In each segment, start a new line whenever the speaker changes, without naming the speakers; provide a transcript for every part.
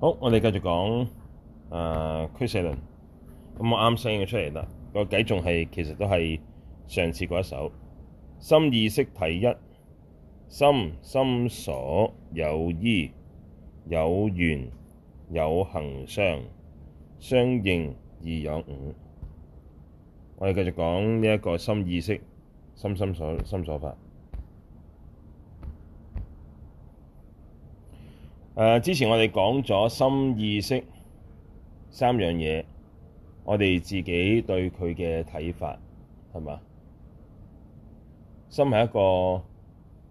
好，我哋繼續講誒，俱舍論，咁我啱 send 出嚟啦，這個偈仲係其實都係上次嗰一首，心意識體一，心心所有依、有緣、有行相、相應義有五，我哋繼續講呢一個心意識心心所心所法。誒、啊、之前我哋講咗心意識三樣嘢，我哋自己對佢嘅睇法係嘛？心係一個了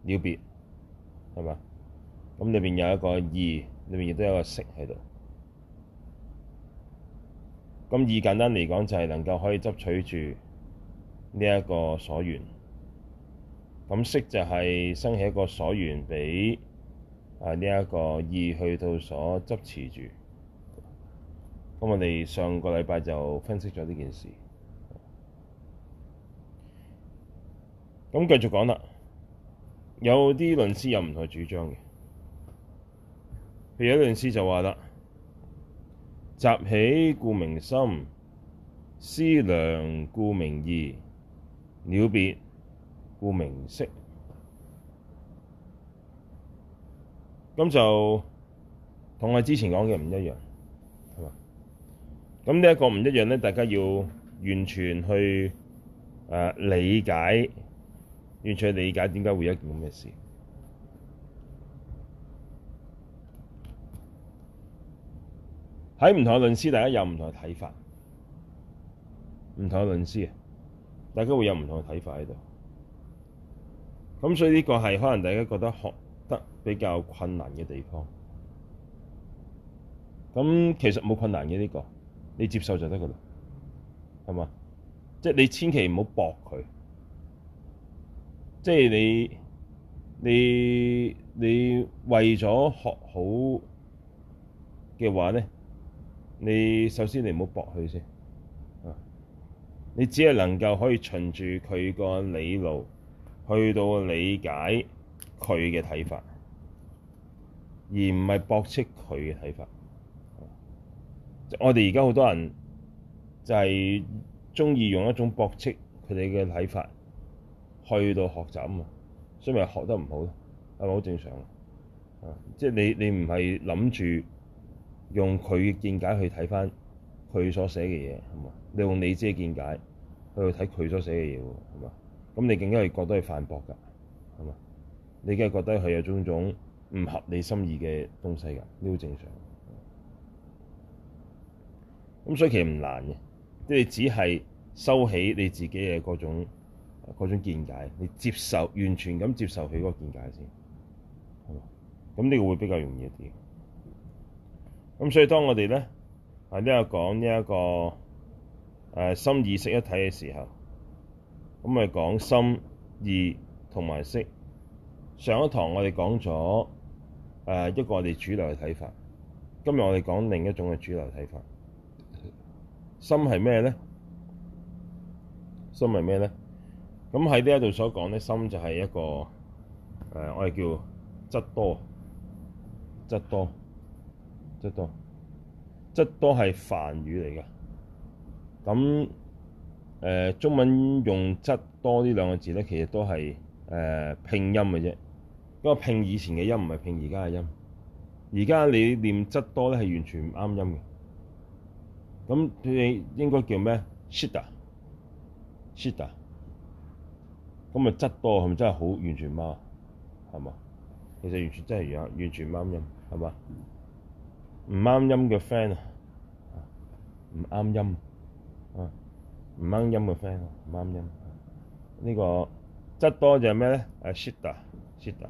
別係嘛？咁裏面有一個意，裏面亦都有一個識喺度。咁意簡單嚟講就係能夠可以執取住呢一個所緣，咁識就係生起一個所緣俾。啊！呢一個意去到所執持住，咁我哋上個禮拜就分析咗呢件事，咁繼續講啦。有啲論師又唔去主張嘅，譬如有論師就話啦：集起故名心，思量故名意，了別故名識。咁就同我之前講嘅唔一樣，係嘛？咁呢一個唔一樣咧，大家要完全去誒、呃、理解，完全去理解點解會有咁嘅事。喺唔同嘅論師，大家有唔同嘅睇法。唔同嘅論師，大家會有唔同嘅睇法喺度。咁所以呢個係可能大家覺得學。得比較困難嘅地方，咁其實冇困難嘅呢個，你接受就得噶啦，係嘛？即係你千祈唔好駁佢，即係你你你為咗學好嘅話咧，你首先你唔好駁佢先，你只係能夠可以循住佢個理路去到理解。佢嘅睇法，而唔係駁斥佢嘅睇法。我哋而家好多人就係中意用一種駁斥佢哋嘅睇法去到學習啊嘛，所以咪學得唔好咯，係咪好正常啊？即係你你唔係諗住用佢嘅見解去睇翻佢所寫嘅嘢，係嘛？你用你自己見解去睇佢所寫嘅嘢喎，係嘛？咁你更加係覺得係反駁㗎。你梗係覺得佢有種種唔合你心意嘅東西噶，呢好正常。咁所以其實唔難嘅，即係你只係收起你自己嘅嗰種各種見解，你接受完全咁接受佢嗰個見解先，咁呢個會比較容易啲。咁所以當我哋咧喺呢個講呢一個誒心意識一體嘅時候，咁咪講心意同埋識。上一堂我哋講咗一個我哋主流嘅睇法，今日我哋講另一種嘅主流睇法。心係咩咧？心係咩咧？咁喺呢一度所講咧，心就係一個、呃、我哋叫質多，質多，質多，質多係梵語嚟嘅。咁、呃、中文用質多呢兩個字咧，其實都係誒、呃、拼音嘅啫。個拼以前嘅音唔係拼而家嘅音，而家你念質多咧係完全唔啱音嘅。咁佢哋應該叫咩 Shita，Shita 咁啊，質多係咪真係好完全冇？係嘛？其實完全真係完完全唔啱音，係嘛？唔啱音嘅 friend 啊，唔啱音啊，唔啱音嘅 friend，唔啱音。呢、呢個質多就係咩咧？啊 Shita，Shita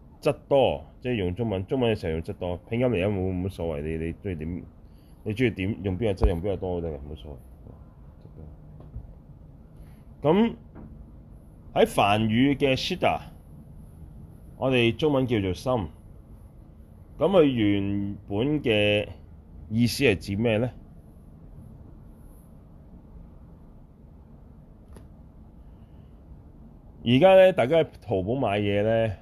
質多，即係用中文，中文嘅成日用質多，拼音嚟嘅，冇冇所謂。你你中意點？你中意點用邊個質？用邊個多都得嘅，冇所謂。咁喺梵語嘅 shita，我哋中文叫做心。咁佢原本嘅意思係指咩咧？而家咧，大家喺淘寶買嘢咧。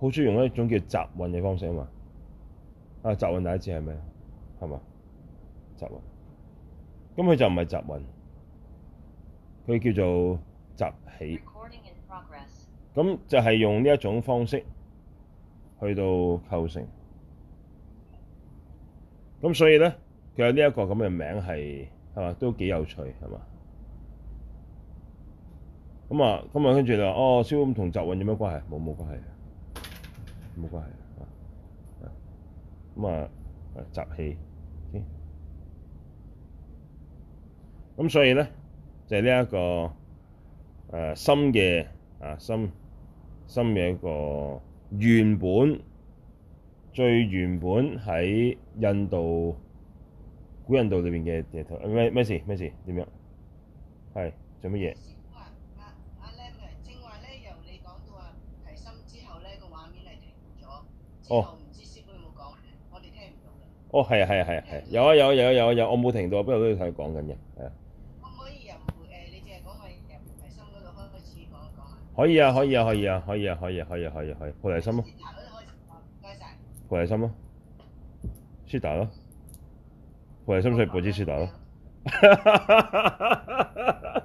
好中意用一種叫集運嘅方式啊嘛，啊！集運第一次係咩係嘛？集運，咁佢就唔係集運，佢叫做集起，咁就係用呢一種方式去到構成咁，咁所以咧佢有呢一個咁嘅名係係嘛，都幾有趣係嘛？咁啊，咁啊，跟住就說，哦，燒焊同集運有咩關係？冇冇關係冇關係啊！啊咁啊集氣，咁所以咧就係呢一個誒心嘅，啊心心嘅一個原本，最原本喺印度，古印度裏邊嘅嘢，乜乜事？乜事？點樣？係做乜嘢？哦，唔知師傅有冇講，我哋聽唔到啦。哦，係啊，係啊，係啊，係，有啊，有啊，有啊，有啊，我冇停咗，不過都要同佢講緊嘅，係啊。可唔可以由誒你淨係講佢菩提心嗰度開開始講一講啊？可以啊，可以啊，可以啊，可以啊，可以，可以，可以，可以，菩提心咯。唔該晒，菩提心咯，出道咯，菩提心出嚟，報紙出道咯。哈哈哈！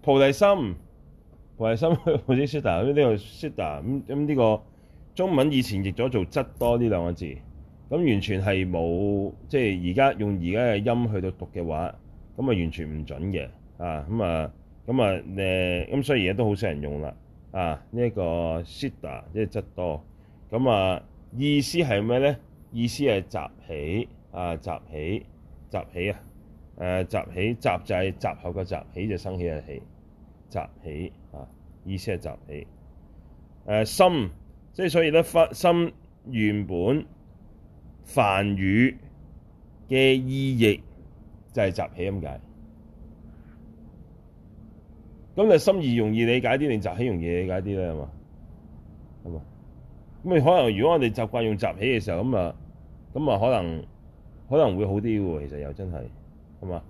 菩提心。維心 i t 達呢？呢個 t 達咁咁呢個中文以前譯咗做質多呢兩個字，咁完全係冇，即係而家用而家嘅音去到讀嘅話，咁啊完全唔準嘅啊咁、嗯、啊咁啊咁所以而家都好少人用啦啊呢一 t t a 即係質多咁啊意思係咩咧？意思係集、啊、集，集起啊集起，集，集，集起啊誒集起，集就係集合嘅集，起就生起嘅起，集起。意思係集起，心即係所以咧，心原本梵語嘅意義就係集起。咁解。咁你心易容易理解啲定集起容易理解啲咧？係嘛？係嘛？咁你可能如果我哋習慣用集起嘅時候，咁啊，咁啊，可能可能會好啲喎。其實又真係係嘛？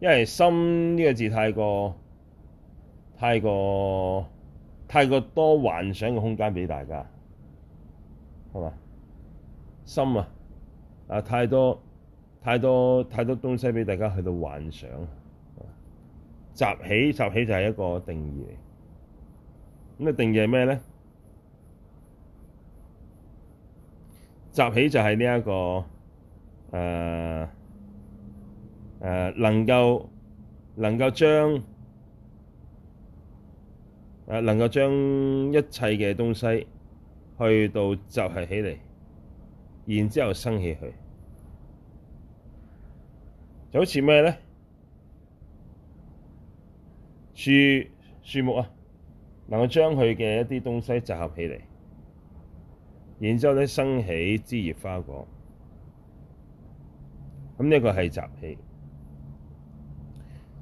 因為心呢個字太過太過。太過多幻想嘅空間畀大家，係嘛？心啊，啊太多太多太多東西畀大家去到幻想，集起集起，就係一個定義嚟。咁、那、嘅、個、定義係咩咧？集起就係呢一個誒誒、呃呃，能夠能夠將。能夠將一切嘅東西去到集起嚟，然之後生起去就好似咩呢？樹樹木啊，能夠將佢嘅一啲東西集合起嚟，然之後呢，生起枝葉花果，咁呢個係集起，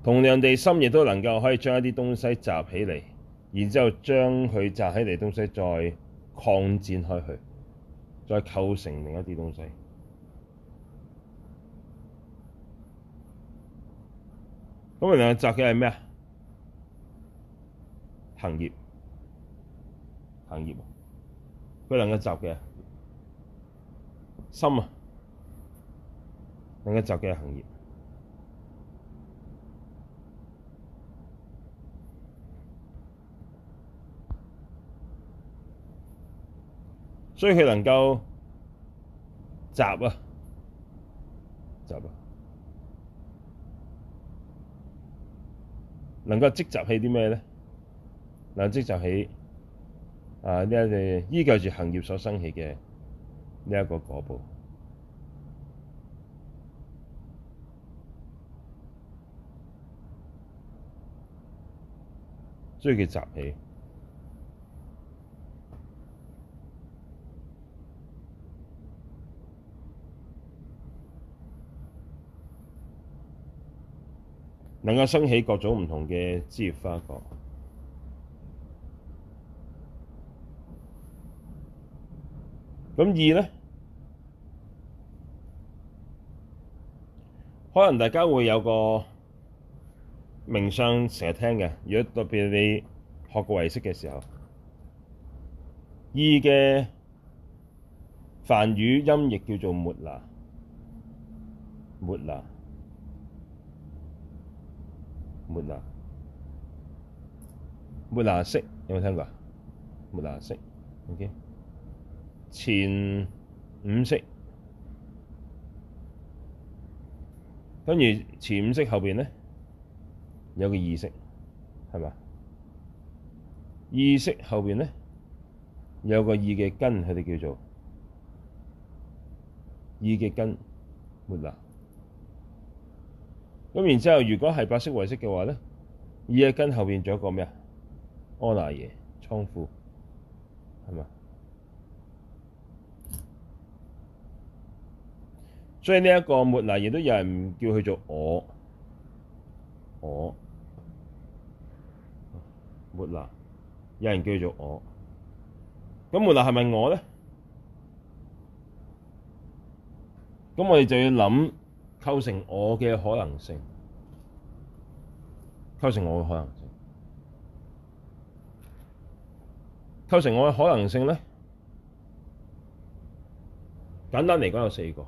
同樣地，心亦都能夠可以將一啲東西集起嚟。然之後將佢集起嚟東西再擴展開去，再構成另一啲東西那兩麼。咁兩個集嘅係咩？行業，行業。佢兩個集嘅心啊，兩個一集嘅行業。所以佢能夠集啊，集啊，能夠積集起啲咩咧？能積集起啊呢一啲依舊住行業所生起嘅呢一個果報。所以佢集起。能夠升起，各種唔同嘅枝葉花果。咁意呢，可能大家會有個名相成日聽嘅，如果特別你學過唯識嘅時候，意嘅梵語音譯叫做末那，末那。末那，末那識有冇聽過啊？末那識，OK，前五識，跟住前五識後邊呢，有個意識，係咪？意識後邊呢，有個意嘅根，佢哋叫做意嘅根，末那。咁然之後，如果係白色為色嘅話呢，二一跟後邊仲有個咩啊？安娜爺倉庫係咪？所以呢一個末那爺都有人叫佢做我，我末那，有人叫做我，咁末那係咪我咧？咁我哋就要諗。構成我嘅可能性，構成我嘅可能性，構成我嘅可能性呢，簡單嚟講有四個，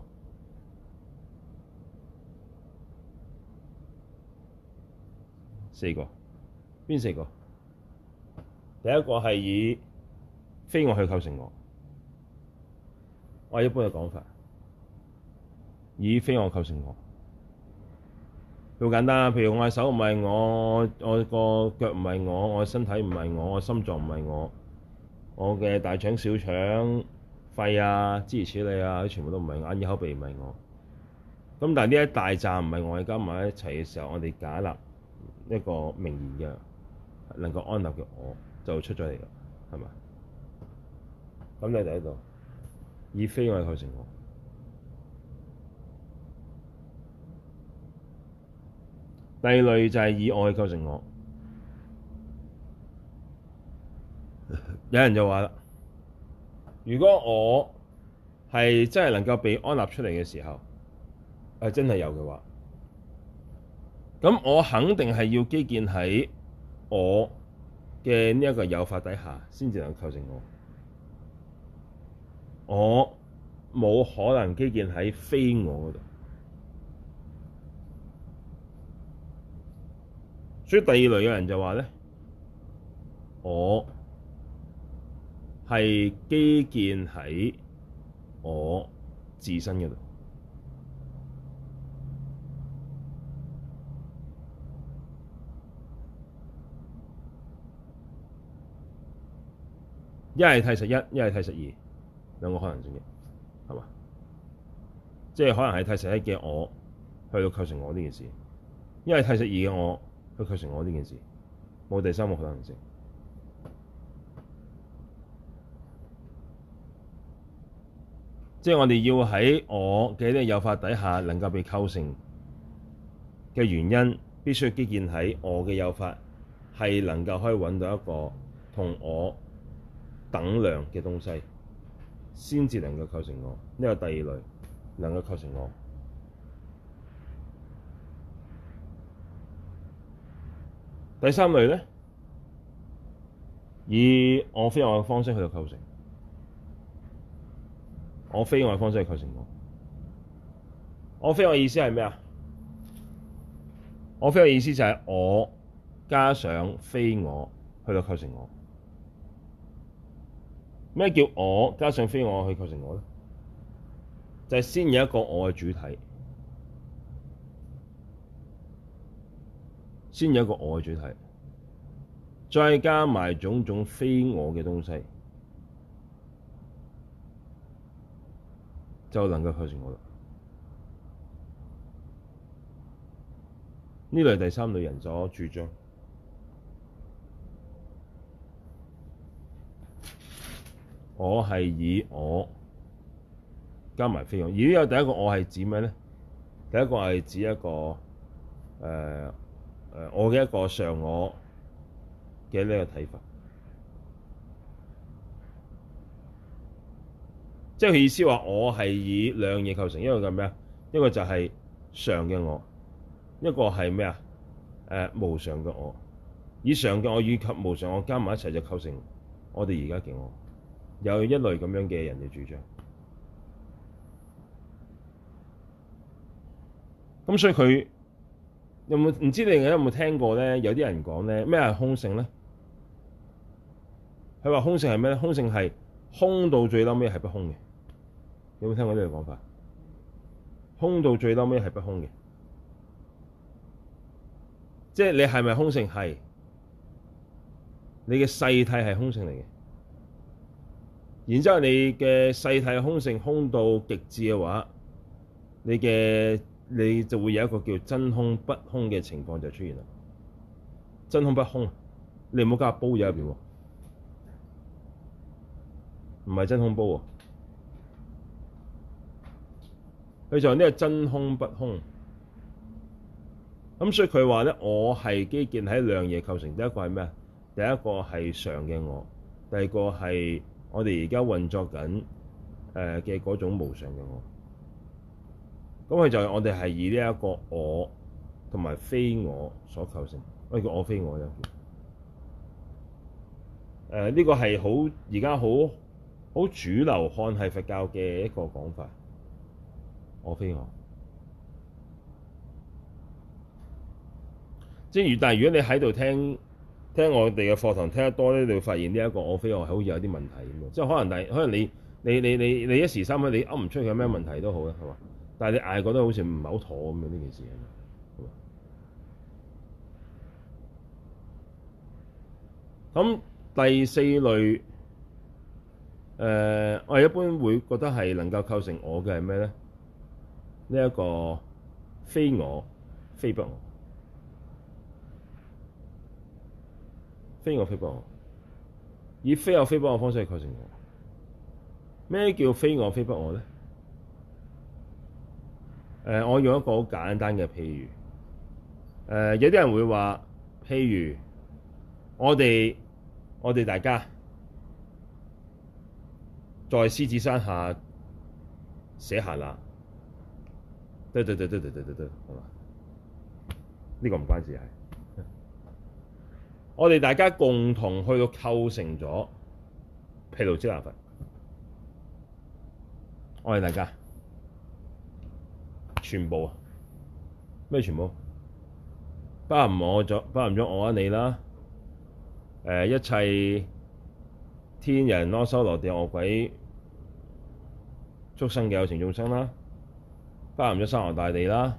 四個，邊四個？第一個係以非我去構成我，我一般嘅講法。以非我構成我，好簡單啊！譬如我隻手唔係我，我個腳唔係我，我身體唔係我，我心臟唔係我，我嘅大腸、小腸、肺啊、諸如此類啊，全部都唔係我。眼耳口鼻唔係我。咁但係呢一大堆唔係我而加埋一齊嘅時候，我哋假立一個名言嘅能夠安立嘅我，就出咗嚟啦，係咪？咁你係第一度，以非我構成我。第二類就係以愛構成我。有人就話啦：如果我係真係能夠被安立出嚟嘅時候，真係有嘅話，咁我肯定係要基建喺我嘅呢一個有法底下，先至能夠構成我。我冇可能基建喺非我度。所以第二類嘅人就話咧，我係基建喺我自身嗰度，一係替十一，一係替十二，兩個可能性嘅，係嘛？即係可能係替十一嘅我去到構成我呢件事，一係替十二嘅我。構成我呢件事，冇第三個可能性。即係我哋要喺我嘅呢個有法底下，能夠被構成嘅原因，必須基建喺我嘅有法，係能夠可以搵到一個同我等量嘅東西，先至能夠構成我。呢個第二類能夠構成我。第三類咧，以我非我嘅方式去到構成我，非我嘅方式去構成我，我，我非我嘅意思係咩啊？我非我嘅意思就係我加上非我去到構成我，咩叫我加上非我去構成我咧？就係先有一個我嘅主體。先有一個我嘅主題再加埋種種非我嘅東西，就能夠構成我啦。呢類第三類人所主張，我係以我加埋非我。而呢個第一個我係指咩咧？第一個係指一個誒。呃誒，我嘅一個常我嘅呢個睇法，即係意思話，我係以兩嘢構成，一個叫咩啊？一個就係常嘅我，一個係咩啊？誒、呃，無常嘅我。以常嘅我以及無常的我加埋一齊就構成我哋而家嘅我，有一類咁樣嘅人嘅主張。咁所以佢。有冇唔知你而家有冇聽過咧？有啲人講咧，咩係空性咧？佢話空性係咩咧？空性係空到最嬲尾係不空嘅。有冇聽過呢個講法？空到最嬲尾係不空嘅，即係你係咪空性係？你嘅世體係空性嚟嘅，然之後你嘅世體空性空到極致嘅話，你嘅你就會有一個叫真空不空嘅情況就出現啦。真空不空，你唔好加個煲喺入邊喎，唔係真空煲喎。佢就話呢個真空不空。咁所以佢話咧，我係基建喺兩夜構成。第一個係咩？第一個係常嘅我，第二個係我哋而家運作緊誒嘅嗰種無常嘅我。咁佢就係我哋係以呢一個我同埋非我所構成，我、啊、叫我非我咧。呢、呃呢個係好而家好好主流漢系佛教嘅一個講法。我非我，即係但如果你喺度聽聽我哋嘅課堂聽得多咧，你就發現呢一個我非我係好似有啲問題嘅。即係可能可能你你你你你，你一時三刻你噏唔出佢有咩問題都好，係嘛？但係你嗌覺得好似唔係好妥咁樣呢件事，咁第四類，誒、呃、我一般會覺得係能夠構成我嘅係咩咧？呢、這、一個非我非不我，非我非不我，以非我，非不我方式去構成我。咩叫非我非不我咧？誒、呃，我用一個好簡單嘅譬如，誒、呃，有啲人會話，譬如我哋，我哋大家在獅子山下寫下啦，對對對對對對對對，係嘛？呢、這個唔關事係。是我哋大家共同去到構成咗毗盧遮那佛。我哋大家。全部啊？咩全部？包含我咗，包含咗我啊你啦。誒，一切天人咯，修羅、地惡鬼、畜生嘅有情眾生啦，包含咗山河大地啦，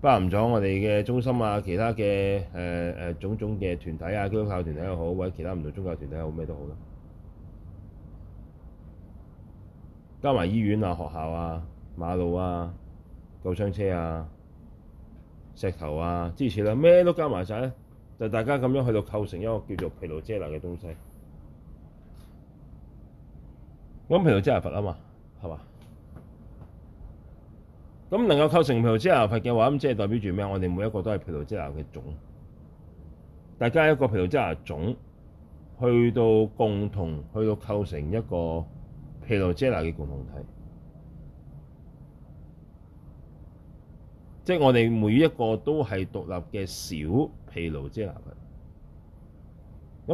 包含咗我哋嘅中心啊，其他嘅誒誒種種嘅團體啊，基督教團體又好，或者其他唔同宗教團體又好，咩都好啦。加埋醫院啊、學校啊、馬路啊。救傷車啊、石頭啊，支持啦，咩都加埋曬，就大家咁樣去，家去，到去到構成一個叫做毗盧遮那嘅東西。我諗毗盧遮那佛啊嘛，係嘛？咁能夠構成毗盧遮那佛嘅話，咁即係代表住咩？我哋每一個都係毗盧遮那嘅種。大家一個毗盧遮那種，去到共同去到構成一個毗盧遮那嘅共同體。即係我哋每一個都係獨立嘅小毗盧遮那佛，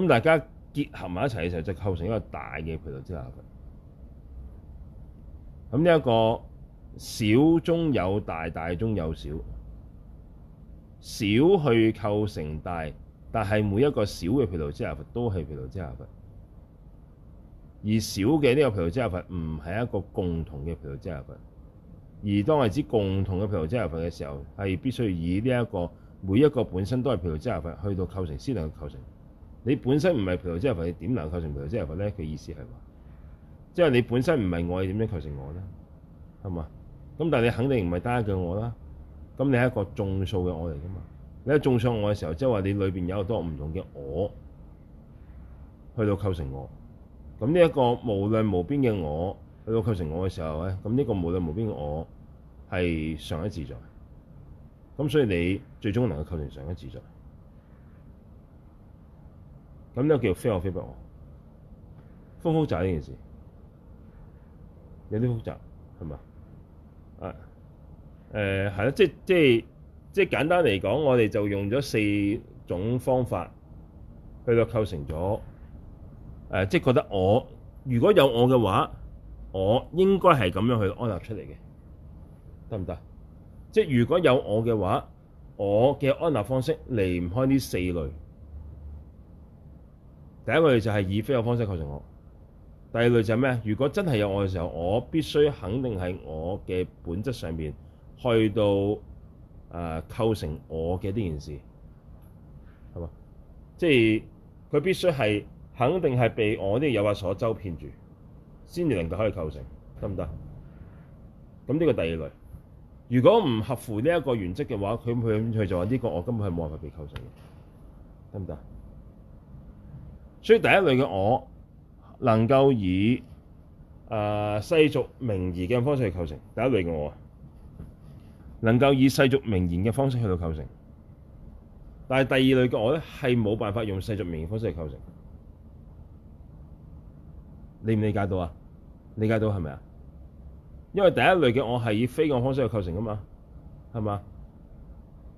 咁大家結合埋一齊嘅時候就構成一個大嘅毗盧遮那佛。咁呢一個小中有大，大中有小，小去構成大，但係每一個小嘅毗盧遮那佛都係毗盧遮那佛，而小嘅呢個毗盧遮那佛唔係一個共同嘅毗盧遮那佛。而當我係指共同嘅毗盧遮那佛嘅時候，係必須以呢一個每一個本身都係毗盧遮那佛去到構成先能夠構成。你本身唔係毗盧遮那佛，你點能夠構成毗盧遮那佛咧？佢意思係話，即係你本身唔係我，你點樣構成我咧？係嘛？咁但係你肯定唔係單一嘅我啦。咁你係一個眾數嘅我嚟㗎嘛？你一眾數我嘅時候，即係話你裏邊有好多唔同嘅我，去到構成我。咁呢一個無量無邊嘅我，去到構成我嘅時候咧，咁呢個無量無邊嘅我係上一自在，咁所以你最終能夠構成上一自在，咁呢個叫非我非不我，複複雜，呢件事有啲複雜，係咪？啊，誒，係啦，即即即簡單嚟講，我哋就用咗四種方法去到構成咗誒、呃，即覺得我如果有我嘅話。我應該係咁樣去安立出嚟嘅，得唔得？即係如果有我嘅話，我嘅安立方式離唔開呢四類。第一類就係以非我方式構成我；第二類就係咩？如果真係有我嘅時候，我必須肯定係我嘅本質上面去到誒、呃、構成我嘅呢件事，係嘛？即係佢必須係肯定係被我啲有法所周遍住。先至令到可以構成，得唔得？咁呢個第二類，如果唔合乎呢一個原則嘅話，佢佢佢就話呢個我根本係冇辦法被構成的，嘅，得唔得？所以第一類嘅我能夠以誒、呃、世俗名言嘅方式去構成，第一類嘅我能夠以世俗名言嘅方式去到構成，但係第二類嘅我咧係冇辦法用世俗名言方式去構成，理唔理解到啊？理解到係咪啊？因為第一類嘅我係以非我方式去構成噶嘛，係嘛？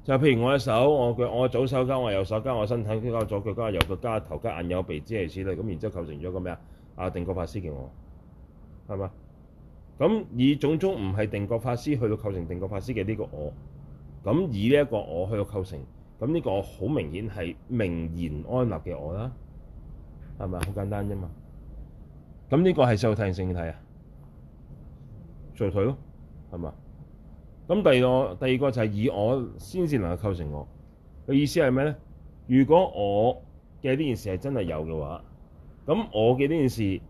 就譬如我嘅手、我腳、我左手加我右手加我身體加我左腳加我右腳加頭加眼有鼻之類之類，咁然之後構成咗個咩啊？啊定覺法師嘅我，係嘛？咁以種種唔係定覺法師去到構成定覺法師嘅呢個我，咁以呢一個我去到構成，咁呢個我好明顯係名言安立嘅我啦，係咪？好簡單啫嘛。咁呢個係受體性睇啊，除佢咯，係嘛？咁第二個，第二個就係以我先至能夠構成我嘅意思係咩咧？如果我嘅呢件事係真係有嘅話，咁我嘅呢件事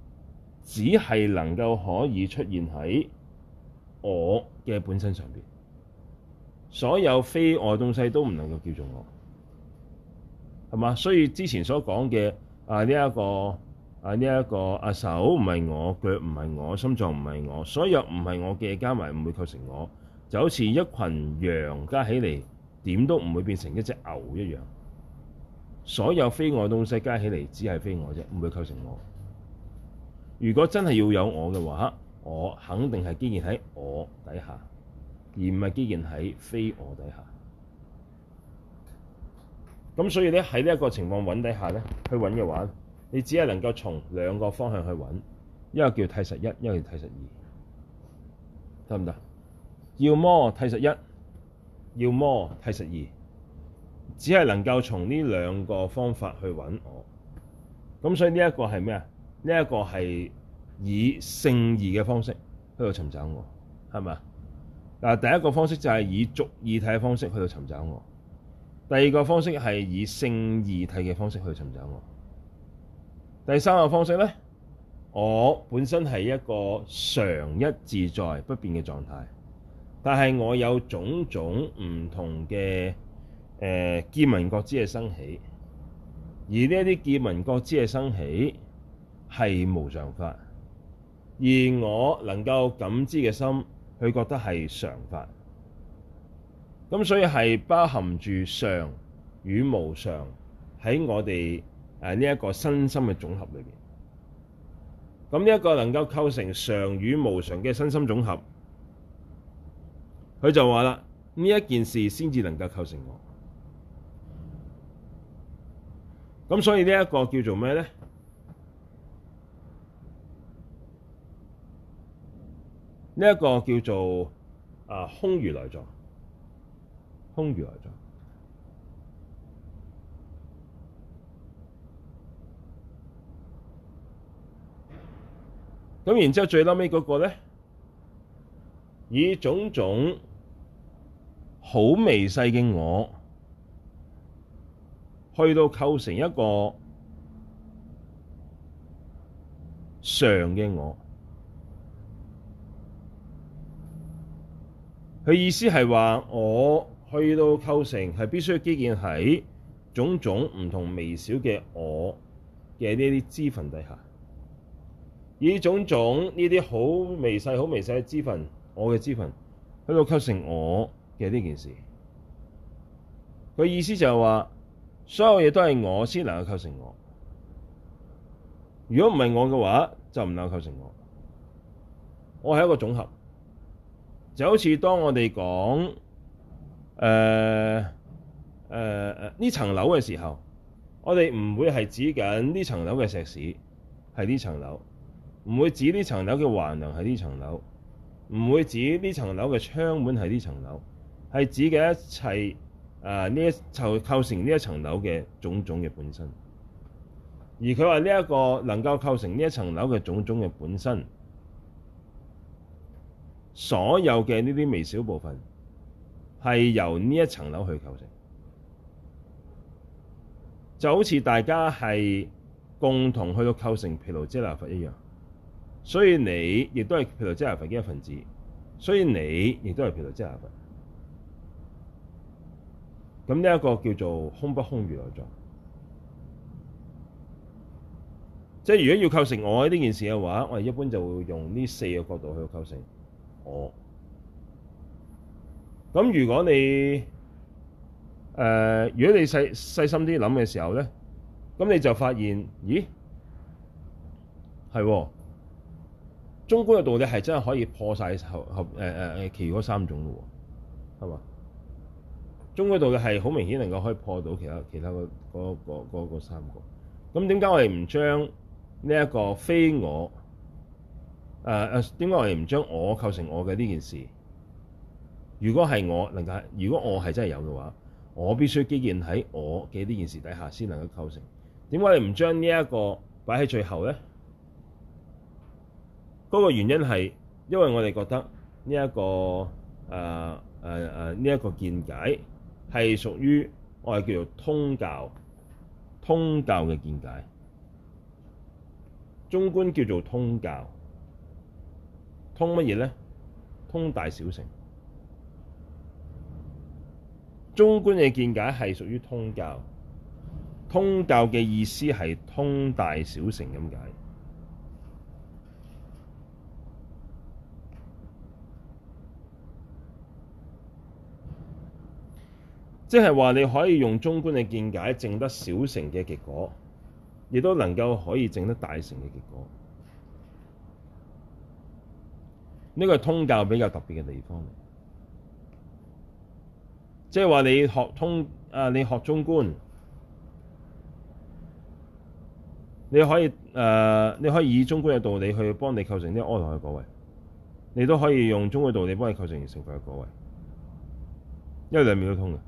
只係能夠可以出現喺我嘅本身上面，所有非我嘅東西都唔能夠叫做我，係嘛？所以之前所講嘅啊呢一、這個。啊！呢一個阿手唔係我，腳唔係我，心臟唔係我，所有唔係我嘅加埋唔會構成我，就好似一群羊加起嚟點都唔會變成一隻牛一樣。所有非我嘅東西加起嚟只係非我啫，唔會構成我。如果真係要有我嘅話，我肯定係基建喺我底下，而唔係基建喺非我底下。咁所以咧，喺呢一個情況揾底下咧去揾嘅話。你只係能夠從兩個方向去揾，一個叫替實一，一個叫替實二，得唔得？要麼替實一，要麼替實二，只係能夠從呢兩個方法去揾我。咁所以呢一個係咩啊？呢、這、一個係以聖義嘅方式去尋找我，係咪啊？嗱，第一個方式就係以俗義體嘅方式去尋找我，第二個方式係以聖義體嘅方式去尋找我。第三個方式呢，我本身係一個常一自在不變嘅狀態，但係我有種種唔同嘅誒見聞覺知嘅生起，而呢啲見聞覺知嘅生起係無常法，而我能夠感知嘅心，佢覺得係常法，咁所以係包含住常與無常喺我哋。誒呢一個身心嘅總合裏面，咁呢一個能夠構成常與無常嘅身心總合，佢就話啦，呢一件事先至能夠構成我。咁所以呢一個叫做咩咧？呢一個叫做啊空如來藏，空如來藏。咁然之後最後尾嗰個咧，以種種好微細嘅我，去到構成一個常嘅我。佢意思係話，我去到構成係必須基建喺種種唔同微小嘅我嘅呢啲支分底下。以種種呢啲好微細、好微細嘅資份，我嘅資份喺度構成我嘅呢件事。佢意思就係話，所有嘢都係我先能夠構成我。如果唔係我嘅話，就唔能夠構成我。我係一個總合，就好似當我哋講誒誒誒呢層樓嘅時候，我哋唔會係指緊呢層樓嘅石屎，係呢層樓。唔會指呢層樓嘅橫梁係呢層樓，唔會指呢層樓嘅窗門係呢層樓，係指嘅一切誒呢一層構成呢一層樓嘅種種嘅本身。而佢話呢一個能夠構成呢一層樓嘅種種嘅本身，所有嘅呢啲微小部分係由呢一層樓去構成，就好似大家係共同去到構成毗盧遮那佛一樣。所以你亦都係菩提真諦份嘅一份子，所以你亦都係菩提真諦。咁呢一個叫做空不空如來藏。即係如果要構成我呢件事嘅話，我哋一般就會用呢四個角度去構成我。咁如果你誒、呃，如果你細細心啲諗嘅時候咧，咁你就發現，咦，係。中觀嘅道理係真係可以破晒，後後誒誒誒，其餘嗰三種咯，係嘛？中觀嘅道理係好明顯能夠可以破到其他其他個嗰三個。咁點解我哋唔將呢一個非我？誒、呃、誒，點解我哋唔將我構成我嘅呢件事？如果係我能夠，如果我係真係有嘅話，我必須基建喺我嘅呢件事底下先能夠構成。點解我哋唔將呢一個擺喺最後咧？嗰個原因係，因為我哋覺得呢、這、一個呢一、啊啊啊這個見解係屬於我哋叫做通教通教嘅見解，中觀叫做通教，通乜嘢咧？通大小乘。中觀嘅見解係屬於通教，通教嘅意思係通大小乘咁解。即係話你可以用中觀嘅見解證得小成嘅結果，亦都能夠可以證得大成嘅結果。呢個係通教比較特別嘅地方嚟。即係話你學通啊，你學中觀，你可以誒、呃，你可以以中觀嘅道理去幫你構成啲安樂嘅果位，你都可以用中觀嘅道理幫你構成成佛嘅果位，因為兩面都通嘅。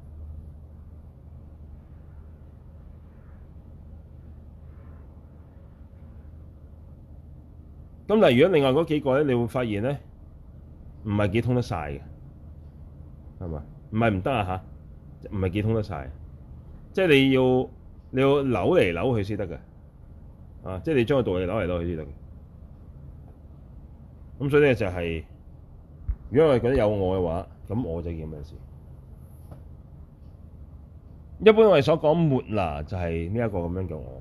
咁但係如果另外嗰幾個咧，你會發現咧，唔係幾通得晒嘅，係嘛？唔係唔得啊吓，唔係幾通得晒，即係你要你要扭嚟扭去先得嘅，啊！即係你將個道理扭嚟扭去先得。咁所以咧就係、是，如果我哋覺得有我嘅話，咁我就要叫咩事？一般、這個、我哋所講沒嗱，就係呢一個咁樣嘅我。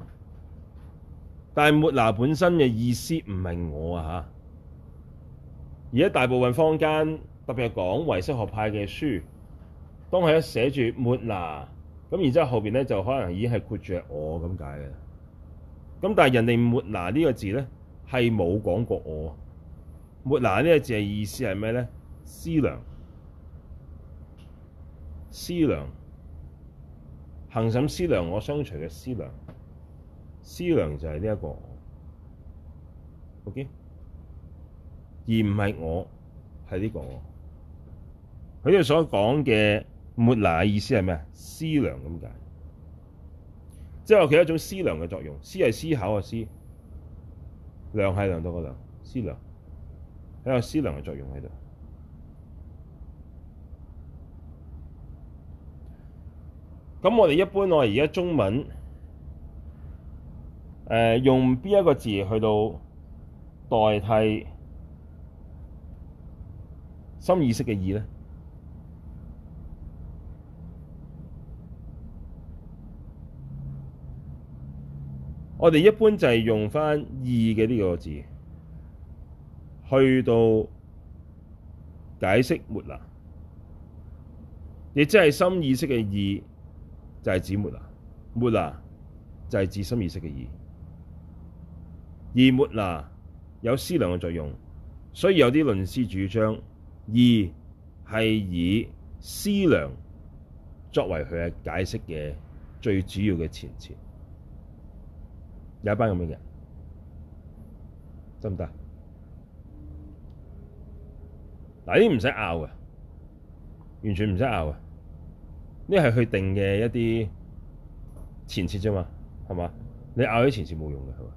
但係末那本身嘅意思唔係我啊嚇，而家大部分坊間，特別係講唯識學派嘅書，當佢一寫住末那，咁然之後後邊咧就可能已經係括住我咁解嘅。咁但係人哋末那呢個字咧係冇講過我，末那呢個字嘅意思係咩咧？思量，思量，行審思量我相隨嘅思量。思量就係呢一個我，OK，而唔係我係呢個，佢哋所講嘅末那意思係咩啊？私的思量咁解，即係佢一種思量嘅作用。思係思考嘅思，量係量到個量，思量，係一個思量嘅作用喺度。咁我哋一般我而家中文。呃、用邊一個字去到代替心意識嘅意咧？我哋一般就係用翻意嘅呢個字去到解釋末那。亦即係心意識嘅意，就係、係、指末那，末那就係指心意識嘅意。而末那有思量嘅作用，所以有啲論師主張二係以思量作為佢嘅解釋嘅最主要嘅前設，有一班咁嘅人得唔得？嗱，呢啲唔使拗嘅，完全唔使拗嘅，呢係佢定嘅一啲前設啫嘛，係嘛？你拗啲前設冇用嘅，係嘛？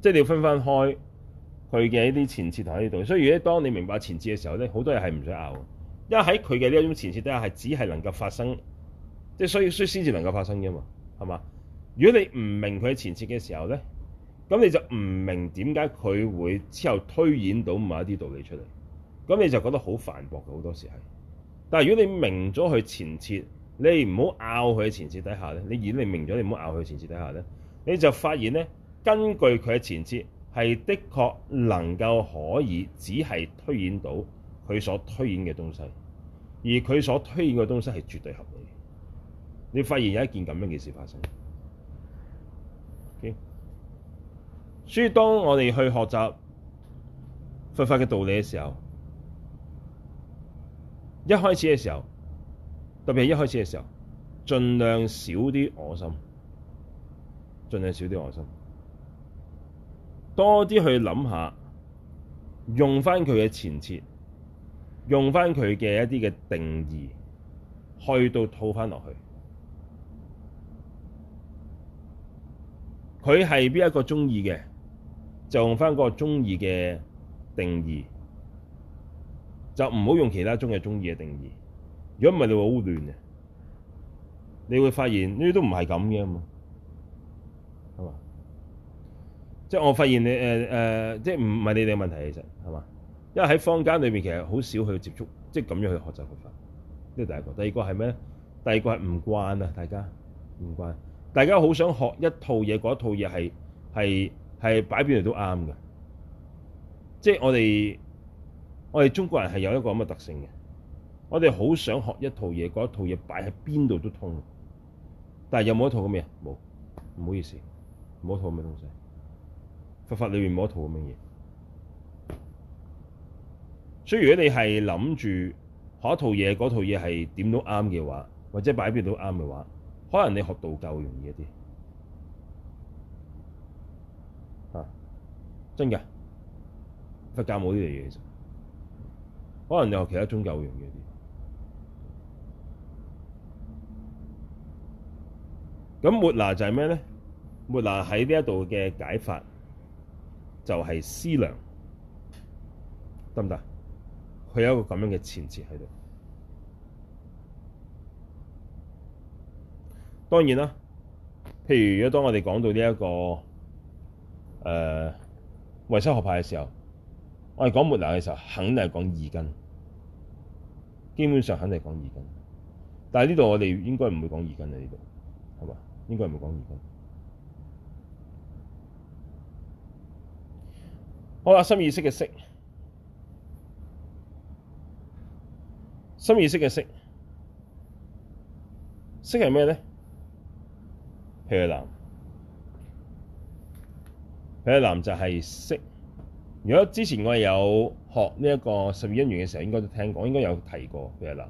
即係你要分分開佢嘅呢啲前設同啲道理，所以如果當你明白前設嘅時候咧，好多嘢係唔想拗，因為喺佢嘅呢一種前設底下係只係能夠發生，即係所以所以先至能夠發生嘅嘛，係嘛？如果你唔明佢嘅前設嘅時候咧，咁你就唔明點解佢會之後推演到某一啲道理出嚟，咁你就覺得好繁複嘅好多時係。但係如果你明咗佢前設，你唔好拗佢嘅前設底下咧，你演你明咗你唔好拗佢嘅前設底下咧，你就發現咧。根據佢嘅前設係的確能夠可以只係推演到佢所推演嘅東西，而佢所推演嘅東西係絕對合理。你發現有一件咁樣嘅事發生，所、okay? 以當我哋去學習佛法嘅道理嘅時候，一開始嘅時候，特別係一開始嘅時候，盡量少啲我心，盡量少啲我心。多啲去諗下，用翻佢嘅前設，用翻佢嘅一啲嘅定義，去到套翻落去。佢係邊一個中意嘅，就用翻嗰個中意嘅定義，就唔好用其他中嘅中意嘅定義。如果唔係，你會好亂嘅。你會發現呢啲都唔係咁嘅嘛。即係我發現你誒誒、呃，即係唔係你哋問題？其實係嘛？因為喺坊間裏面，其實好少去接觸，即係咁樣去學習學法。呢個第一個，第二個係咩咧？第二個係唔慣啊！大家唔慣，大家好想學一套嘢，嗰套嘢係係係擺邊度都啱㗎。即係我哋我哋中國人係有一個咁嘅特性嘅，我哋好想學一套嘢，嗰套嘢擺喺邊度都通。但係有冇一套嘅咩啊？冇，唔好意思，冇一套咩東西。佛法裏面冇一套咁嘅嘢，所以如果你係諗住學一套嘢，嗰套嘢係點都啱嘅話，或者擺邊都啱嘅話，可能你學道教容易一啲，嚇、啊，真㗎，佛教冇呢樣嘢，其實，可能你學其他宗教容易一啲。咁末那就係咩咧？末那喺呢一度嘅解法。就係思量，得唔得？佢有一個咁樣嘅前提喺度。當然啦，譬如如果當我哋講到呢、這、一個誒、呃、唯識學派嘅時候，我哋講末那嘅時候，肯定係講二根，基本上肯定係講二根。但係呢度我哋應該唔會講二根嘅呢度，係嘛？應該唔會講二根。我有心意識嘅識，心意識嘅識，識係咩咧？毗若藍，毗若藍就係識。如果之前我係有學呢一個十二因緣嘅時候，應該都聽講，應該有提過。毗若藍，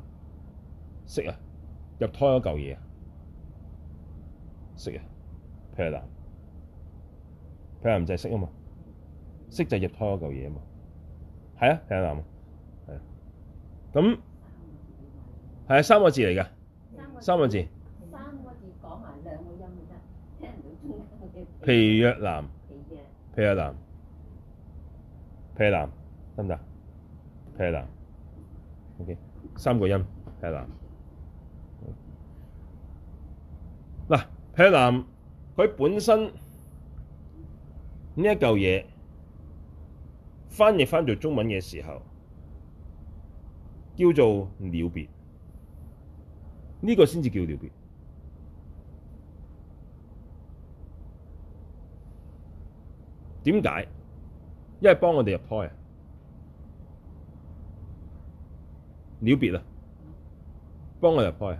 識啊，入胎嗰嚿嘢啊，識啊，毗若藍，毗若藍就係識啊嘛。色就入胎嗰嚿嘢啊嘛，係啊，皮若男，係啊，咁係啊三個字嚟㗎，三個字，三個字講埋兩個音就得，聽唔到中間嘅。皮若男，皮若男，皮若男得唔得？皮若男，OK，三個音，皮若男。嗱，皮若男佢本身呢一嚿嘢。翻譯翻做中文嘅時候，叫做了別，呢個先至叫了別。點解？因為幫我哋入胎啊，了別啊，幫我入胎呀。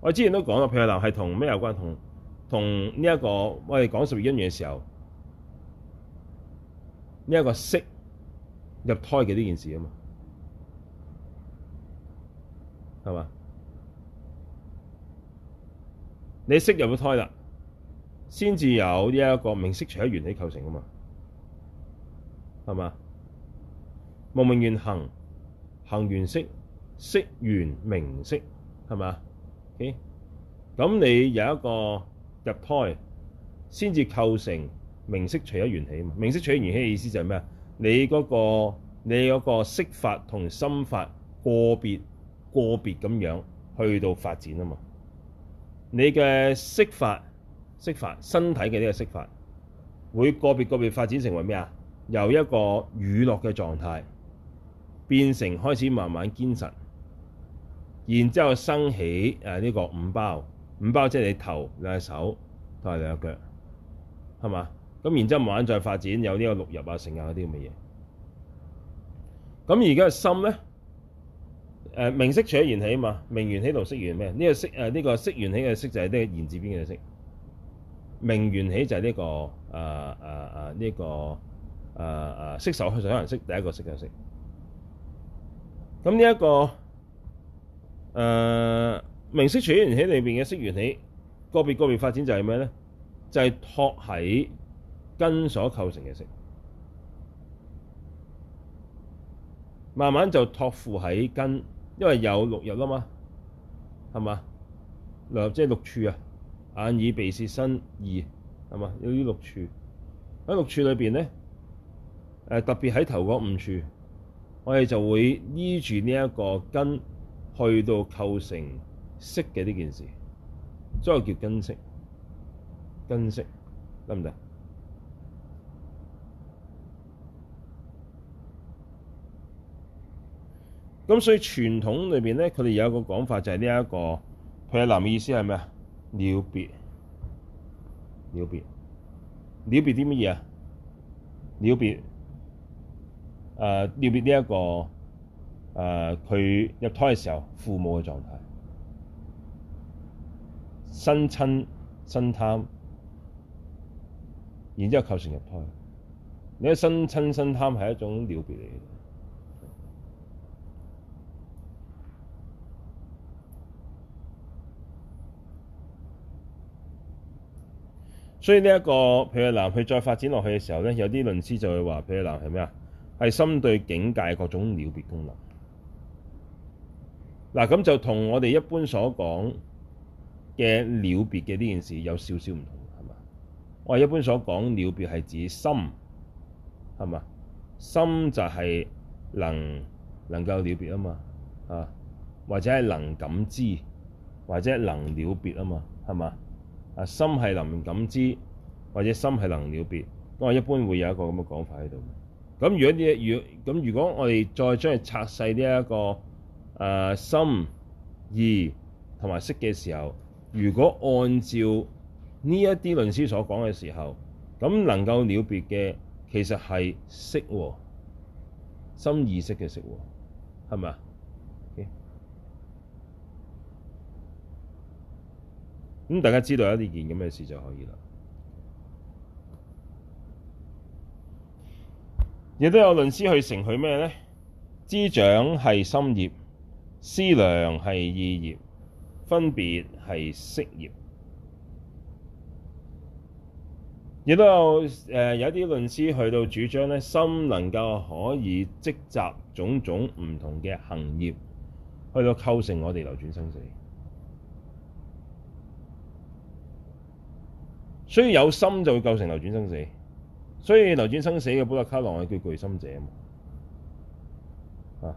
我之前都講啦，譬如話係同咩有關，同同呢一個我哋講十二因緣嘅時候。呢一個識入胎嘅呢件事啊嘛，係嘛？你識入咗胎啦，先至有呢一個名色除咗元氣構成啊嘛，係嘛？無明緣行，行完識，識完名色，係嘛？咁、okay? 你有一個入胎，先至構成。名色除咗緣起嘛！名色除咗緣起嘅意思就係咩啊？你嗰、那個你嗰個識法同心法個別個別咁樣去到發展啊嘛！你嘅識法識法身體嘅呢個識法會個別個別發展成為咩啊？由一個娛樂嘅狀態變成開始慢慢堅實，然之後生起誒呢、啊這個五包五包，即係你頭、你手同埋你嘅腳，係嘛？咁然之後慢慢再發展有呢個六入啊、成啊嗰啲咁嘅嘢。咁而家嘅心咧，誒、呃、名色除咗緣起嘛，名緣起同色緣咩？呢、這個色誒呢個色緣起嘅色就係呢個言字邊嘅色。名緣起就係呢、這個啊啊啊呢個啊啊色受去就有人識第一個識嘅識。咁呢一個誒、呃、名色除咗緣起裏邊嘅色緣起個別個別發展就係咩咧？就係、是、託喺根所構成嘅色，慢慢就託附喺根，因為有六入啊嘛，係嘛？嗱，即係六處啊，眼耳鼻舌身意係嘛？有啲六處，喺六處裏邊咧，誒特別喺頭嗰五處，我哋就會依住呢一個根去到構成色嘅呢件事，所以叫根色，根色得唔得？行。咁所以傳統裏面呢，佢哋有一個講法就係呢一個，毗若藍嘅意思係咩啊？了別，了別，了別啲乜嘢啊？了別，誒、呃，了別呢、這、一個誒，佢、呃、入胎嘅時候父母嘅狀態，新親新貪，然之後構成入胎，你嘅新親新貪係一種了別嚟。所以呢、這、一個，毗若藍去再發展落去嘅時候咧，有啲論師就會話，毗若藍係咩啊？係心對境界的各種了別功能。嗱，咁就同我哋一般所講嘅了別嘅呢件事有少少唔同，係嘛？我係一般所講了別係指心，係嘛？心就係能能夠了別啊嘛，啊，或者係能感知，或者能了別啊嘛，係嘛？啊，心係能感知，或者心係能了別，我一般會有一個咁嘅講法喺度。咁如果如咁，如果，如果我哋再將佢拆細呢、這、一個、呃、心、意同埋識嘅時候，如果按照呢一啲論師所講嘅時候，咁能夠了別嘅其實係識喎，心意識嘅識，係咪啊？咁大家知道一啲件咁嘅事就可以啦。亦都有論師去承許咩呢？滋長係心業，思量係意業，分別係識業。亦都有誒有啲論師去到主張呢，心能夠可以積集種種唔同嘅行業，去到構成我哋流轉生死。所以有心就會構成流轉生死，所以流轉生死嘅補特伽羅係叫具心者啊！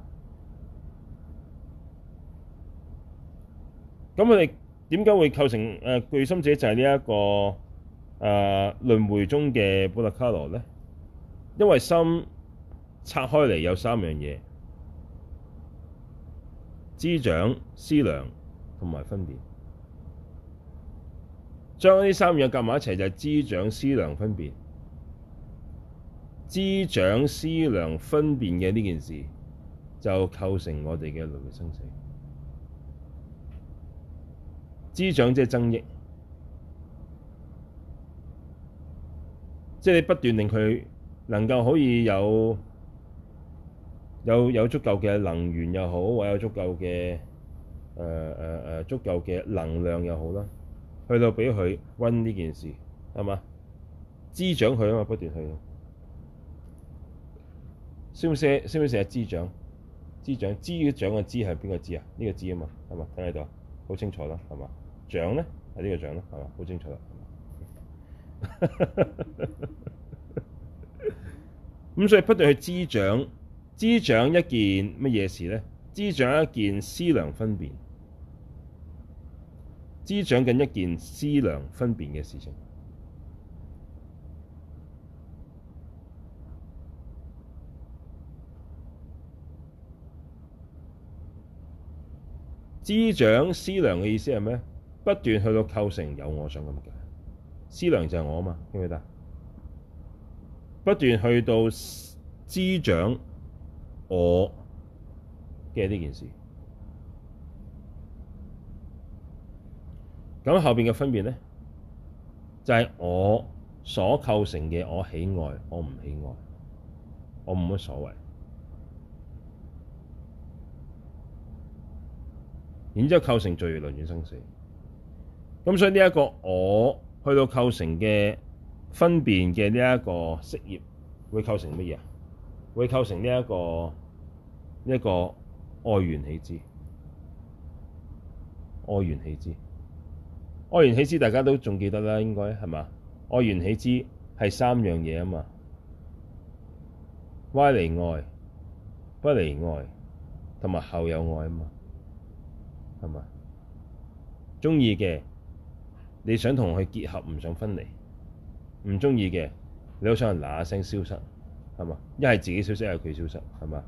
咁佢哋點解會構成誒具、啊、心者就是、這個？就係呢一個誒輪迴中嘅補特伽羅咧，因為心拆開嚟有三樣嘢：滋長、思量同埋分別。將呢三樣夾埋一齊就係、是、滋長思量分辨。滋長思量分辨嘅呢件事，就構成我哋嘅六嘅生死。滋長即係增益，即、就、係、是、你不斷令佢能夠可以有有有足夠嘅能源又好，或者有足夠嘅、呃呃、足夠嘅能量又好啦。去到畀佢溫呢件事，係嘛？滋長佢啊嘛，不斷去。識唔識識唔識滋長，滋長滋長嘅滋係邊個知啊？呢個知啊嘛，係嘛？睇唔睇到，好清楚啦，係嘛？長咧係呢個長啦，係嘛？好清楚啦。咁 所以不斷去滋長，滋長一件乜嘢事咧？滋長一件思量分辨。滋長緊一件思量分辨嘅事情。滋長思量嘅意思係咩？不斷去到構成有我想咁解。思量就係我啊嘛，記唔記得？不斷去到滋長我嘅呢件事。咁後邊嘅分別咧，就係、是、我所構成嘅，我喜愛，我唔喜愛，我冇乜所謂，然之後構成罪業輪轉生死。咁所以呢一個我去到構成嘅分別嘅呢一個識業，會構成乜嘢啊？會構成呢、這、一個一、這個愛緣起之愛緣起之。愛緣起之大家都仲記得啦，應該係嘛？愛緣起之係三樣嘢啊嘛，歪離愛、不離愛，同埋後有愛啊嘛，係嘛？中意嘅你想同佢結合，唔想分離；唔中意嘅你好想人嗱一聲消失，係嘛？一係自己消失，一係佢消失，係嘛？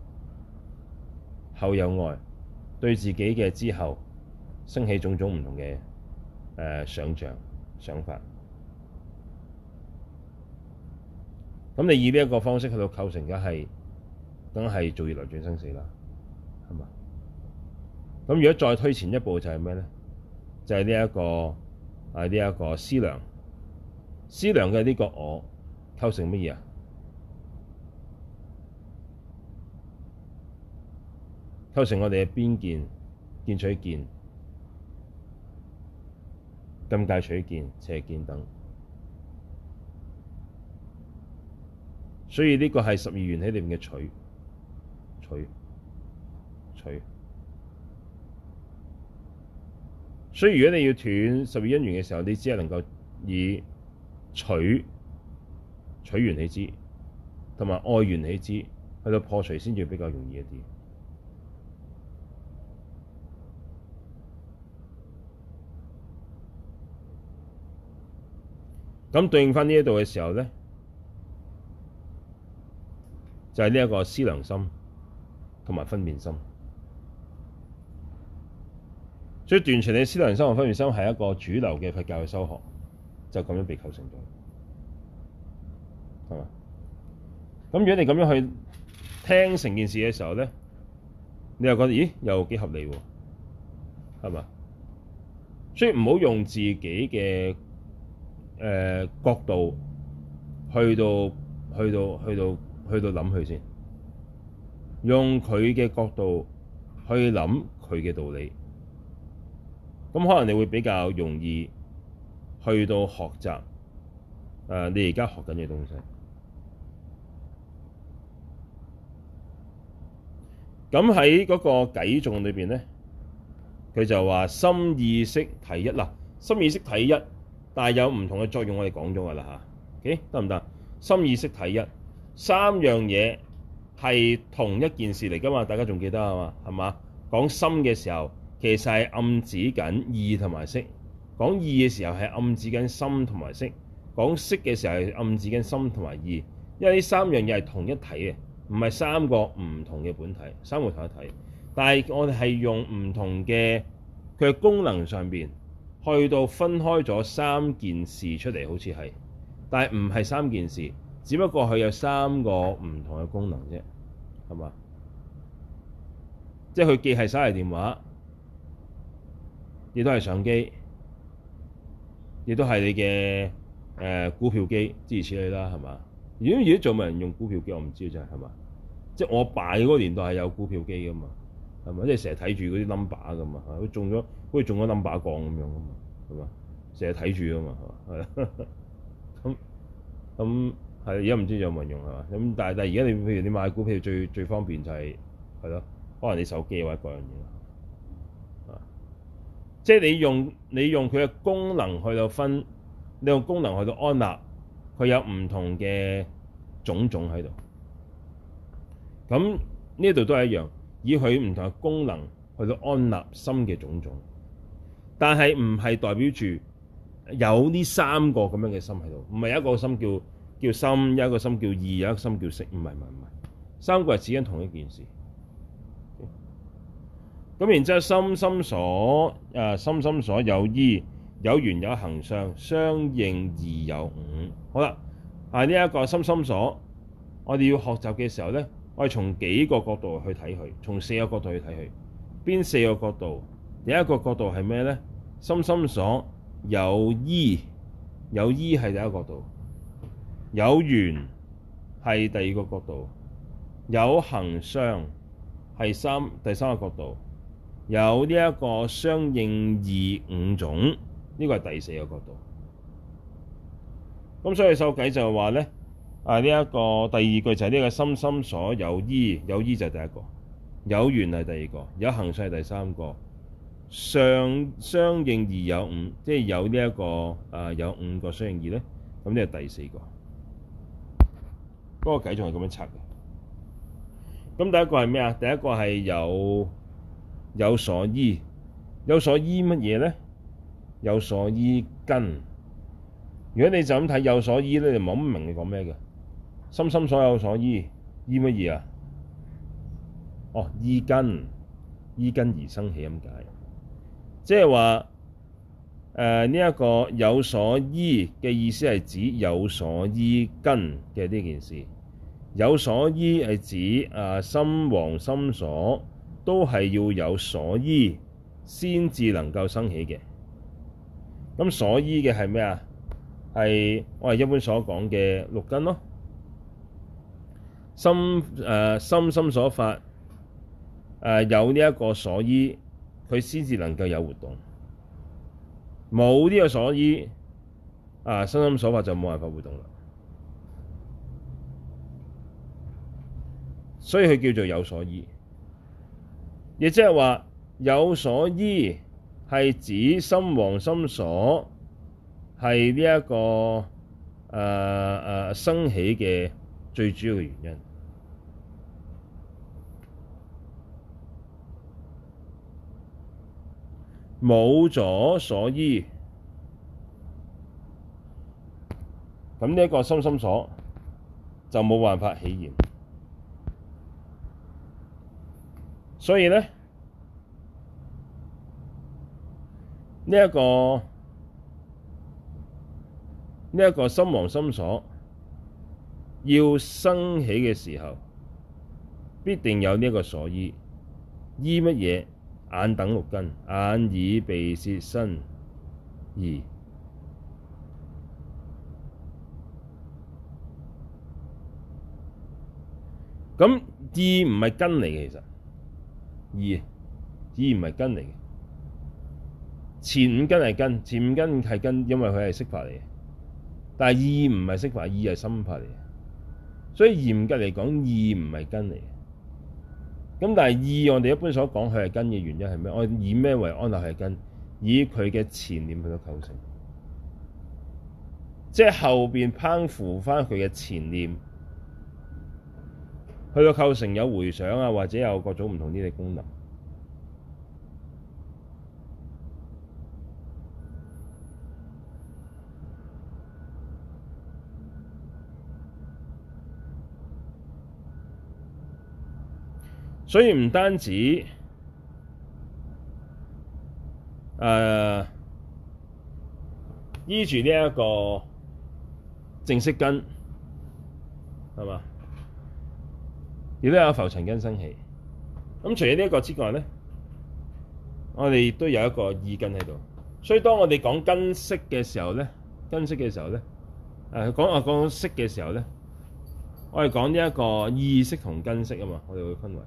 後有愛，對自己嘅之後升起種種唔同嘅。呃、想象想法，咁你以呢一個方式去到構成嘅係，梗係造業流轉生死啦，係嘛？咁如果再推前一步就係咩咧？就係呢一個啊，呢一個思量，思量嘅呢個我構成乜嘢啊？構成我哋嘅邊見、見取見。禁戒取見、邪見等，所以呢個係十二緣起裏面嘅取、取、取。所以如果你要斷十二因緣嘅時候，你只係能夠以取、取緣起之，同埋愛緣起之，去到破除先至比較容易一啲。咁對應翻呢一度嘅時候咧，就係呢一個思量心同埋分辨心，所以斷除你思量心同分辨心係一個主流嘅佛教嘅修學，就咁樣被構成咗，係嘛？咁如果你咁樣去聽成件事嘅時候咧，你又覺得咦又幾合理喎，係嘛？所以唔好用自己嘅。誒、呃、角，角度去到去到去到去到諗佢先，用佢嘅角度去諗佢嘅道理，咁可能你會比較容易去到學習、呃。你而家學緊嘅東西，咁喺嗰個偈頌裏邊咧，佢就話心意識體一啦，心意識體一。呃但有唔同嘅作用，我哋講咗㗎啦吓，OK 得唔得？心意識體一三樣嘢係同一件事嚟㗎嘛，大家仲記得係嘛？係嘛？講心嘅時候，其實係暗指緊意同埋識；講意嘅時候係暗指緊心同埋識；講識嘅時候係暗指緊心同埋意。因為呢三樣嘢係同一體嘅，唔係三個唔同嘅本體，三個同一體。但係我哋係用唔同嘅佢功能上邊。去到分開咗三件事出嚟，好似係，但係唔係三件事，只不過佢有三個唔同嘅功能啫，係嘛？即係佢既係手提電話，亦都係相機，亦都係你嘅誒、呃、股票機，諸如此類啦，係嘛？如果如果做咩人用股票機，我唔知就係係嘛？即係我阿爸嗰個年代係有股票機噶嘛？係嘛，即係成日睇住嗰啲 number 嘛，佢中咗好似中咗 number 咁樣噶嘛，係 嘛，成日睇住噶嘛，係嘛，咁咁係而家唔知有冇人用，係嘛，咁但係但係而家你譬如你買股票最最方便就係係咯，可能你手機或者各樣嘢啊，即係你用你用佢嘅功能去到分，你用功能去到安 n 佢有唔同嘅種種喺度，咁呢度都係一樣。以佢唔同嘅功能去到安立心嘅種種，但係唔係代表住有呢三個咁樣嘅心喺度，唔係有一個心叫叫心，有一個心叫意，有一個心叫識。唔係唔係唔係，三個係指緊同一件事。咁、嗯、然之後心心所啊，心心所有依有緣有行相相應義有五，好啦，係呢一個心心所，我哋要學習嘅時候咧。我哋從幾個角度去睇佢，從四個角度去睇佢。邊四個角度？第一個角度係咩咧？心心所有依，有依係第一個角度，有緣係第二個角度，有行相係三第三個角度，有呢一個相應義五種呢、呢個係第四個角度。咁所以手計就係話咧，啊！呢、這、一個第二句就係呢、這個心心所有依有依就係第一個，有緣係第二個，有行相係第三個，相相應義有五，即係有呢、這、一個啊有五個相應義咧，咁呢係第四個。嗰、那個計仲係咁樣拆嘅。咁第一個係咩啊？第一個係有有所依，有所依乜嘢咧？有所依根。如果你就咁睇有所依咧，就冇乜明白你講咩嘅。心心所有所依，依乜嘢啊？哦，依根，依根而生起咁解，即係話，誒，呢一個有所依嘅意思係指有所依根嘅呢件事。有所依係指啊心王心所都係要有所依先至能夠生起嘅。咁所依嘅係咩啊？係我哋一般所講嘅六根咯。心誒、呃、心心所法誒、呃、有呢一個所依，佢先至能夠有活動。冇呢個所依啊、呃，心心所法就冇辦法活動啦。所以佢叫做有所依，亦即係話有所依係指心王心所係呢一個誒誒、呃呃、生起嘅最主要嘅原因。冇咗所依，咁呢一個心心所就冇辦法起現，所以咧呢一個呢一個心王心所要生起嘅時候，必定有呢一個所依，依乜嘢？眼等六根，眼耳鼻舌身意。咁意唔係根嚟嘅，其實意意唔係根嚟嘅。前五根係根，前五根係根，因為佢係色法嚟嘅。但係意唔係色法，意係心法嚟嘅。所以嚴格嚟講，意唔係根嚟。咁但係意，我哋一般所講，佢係根嘅原因係咩？我以咩為安樂係根？以佢嘅前念去到構成，即係後邊攀附翻佢嘅前念，去到構成有回想啊，或者有各種唔同啲嘅功能。所以唔單止，誒、呃、依住呢一個淨色根係嘛，亦都有浮塵根生起。咁除咗呢一個之外咧，我哋亦都有一個意根喺度。所以當我哋講根識嘅時候咧，根識嘅時候咧，誒講啊講、啊、識嘅時候咧，我哋講呢一個意識同根識啊嘛，我哋會分為。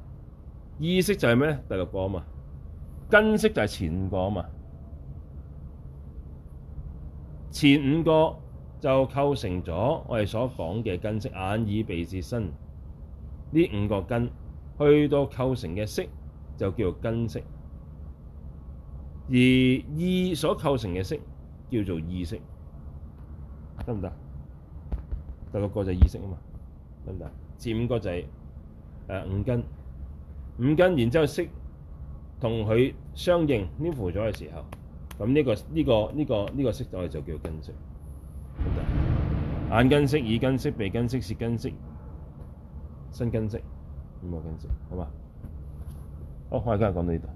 意識就係咩咧？第六個啊嘛，根色就係前五個啊嘛，前五個就構成咗我哋所講嘅根色，眼耳鼻舌身呢五個根，去到構成嘅色就叫做根色，而意所構成嘅色叫做意識，得唔得？第六個就係意識啊嘛，得唔得？前五個就係、是、誒、呃、五根。五根，然之後色同佢相應黏附咗嘅時候，咁呢、這個呢、這個呢、這個呢、這個色咗嘅就叫根色。眼根色、耳根色、鼻根色、舌根色、身根色五個根色，好嘛？好，我哋繼續講到呢度。